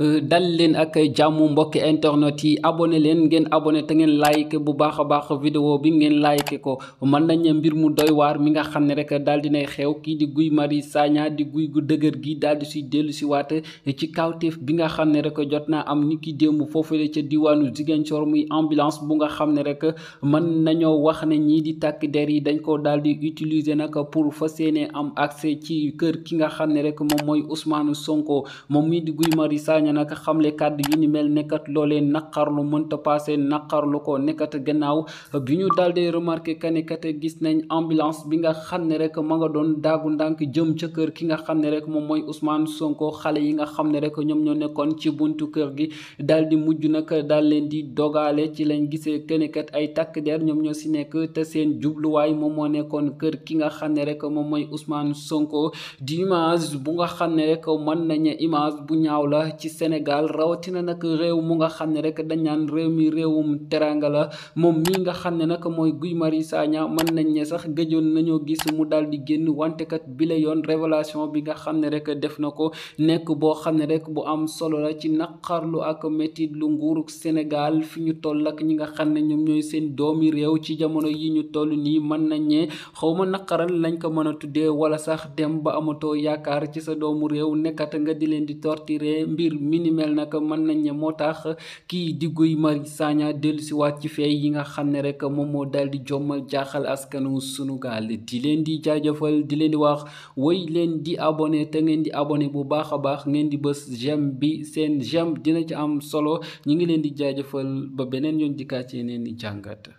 Euh, dal leen ak jàmm mbokki internet yi abonné leen ngeen abonné te ngeen like bu baax a baax vidéo bi ngeen like ko mën nañ mbir mu doy waar mi nga xam ne rek daal nay xew kii di Guy mari Sagna di guy gu dëgër gi daal di si dellu si waat ci kawteef bi nga xam ne rek jot naa am ni ki démb foofule ca diwaanu jigéen Ziguinchor muy ambulance bu nga xam ne rek mën nañoo wax ne ñii di takk der yi dañ ko daal di utiliser nag pour fa yéene am accès ci kër ki nga xam ne rek moom mooy Ousmane Sonko ña nag xamle kàddu yi ni mel nekkat loolee naqarlu mënta passé naqarlu ko nekkat gannaaw bi ñu daal di remarqué kanekat gis nañ ambulance bi nga xam ne rek ma nga doon daagu ndànk jëm ca kër ki nga xam ne rek moom mooy Ousmane Sonko xale yi nga xam ne rek ñoom ñoo nekkoon ci buntu kër gi daal di mujj nag daal leen di dogaale ci lañ gisee kanekat ay takk ñoom ñoo si nekk te seen jubluwaay moom moo nekkoon kër ki nga xam ne rek moom mooy Ousmane Sonko di image bu nga xam ne rek mën nañu image bu ñaaw la ci Sénégal rawatina nag réew mu nga xam ne rek dañ naan réew mi réewum teranga la moom mii nga xam ne nag mooy Guy Marius Sagna mën nañ ñee sax gëjoon nañoo gis mu daal di génn wantekat bi la yoon révélation bi nga xam ne rek def na ko nekk boo xam ne rek bu am solo la ci naqarlu ak métit lu nguuruk Sénégal fi ñu toll ak ñi nga xam ne ñoom ñooy seen doomi réew ci jamono yi ñu toll nii mën nañ ne xawma naqaral lañ ko mën a tuddee wala sax dem ba amatoo yaakaar ci sa doomu réew nekkat nga di leen di torturer mbir minimel nag mën nañ moo tax kii di Guy saañaa Sagna dellusiwaat ci fee yi nga xam ne rek moom moo daal di jommal jaaxal askanu Sunugaal di leen di jaajëfal di leen di wax woy leen di abonné te ngeen di abonné bu baax a baax ngeen di bës j'aime bi seen j'aime dina ci am solo ñu ngi leen di jaajëfal ba beneen yoon dikkaat ci yeneen di jàngat